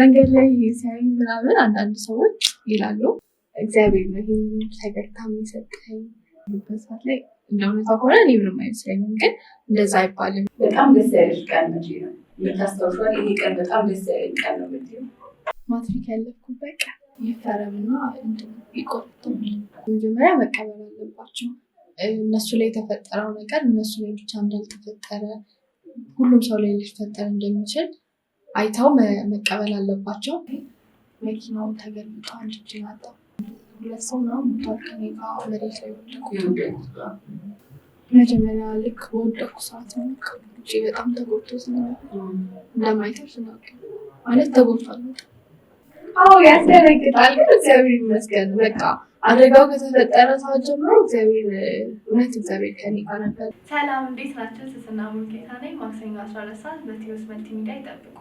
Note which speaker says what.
Speaker 1: መንገድ ላይ ሲያዩ ምናምን አንዳንድ ሰዎች ይላሉ እግዚአብሔር ነው ይህን ሳይቀር ታም የሰጠኝ ላይ እንደ እውነታ ከሆነ እኔ ምንም አይመስለኝም፣ ግን እንደዛ አይባልም።
Speaker 2: በጣም ደስ ያለሽ ቀን ነው የምታስታውሻል? ይሄ ቀን በጣም ደስ ያለኝ ቀን ነው መቼ ነው?
Speaker 1: ማትሪክ ያለፍኩበት ቀን ይፈረምና ይቆርጡ መጀመሪያ መቀበል አለባቸው። እነሱ ላይ የተፈጠረው ነገር እነሱ ላይ ብቻ እንዳልተፈጠረ ሁሉም ሰው ላይ ሊፈጠር እንደሚችል አይተው መቀበል አለባቸው። መኪናውን ተገልብጦ አንድ እጅ ናጣ ሁለት ሰው ነው ሙቷል። ከኔ ጋ መሬት ላይ ወደቁ። መጀመሪያ ልክ በወደቁ ሰዓት ነው እጅ በጣም ተጎድቶ እንደማይተርፍ ነው ማለት ተጎድቷል። አዎ ያስደነግጣል። ግን እግዚአብሔር ይመስገን በቃ አደጋው ከተፈጠረ ሰዓት ጀምሮ እግዚአብሔር እውነት እግዚአብሔር ከኔ ጋር ነበር።
Speaker 3: ሰላም፣ እንዴት ናቸው? ስስና ሙልጌታ ነኝ። ማክሰኞ 14 ሰዓት በቴዎስ መልቲሚዲያ ይጠብቁ።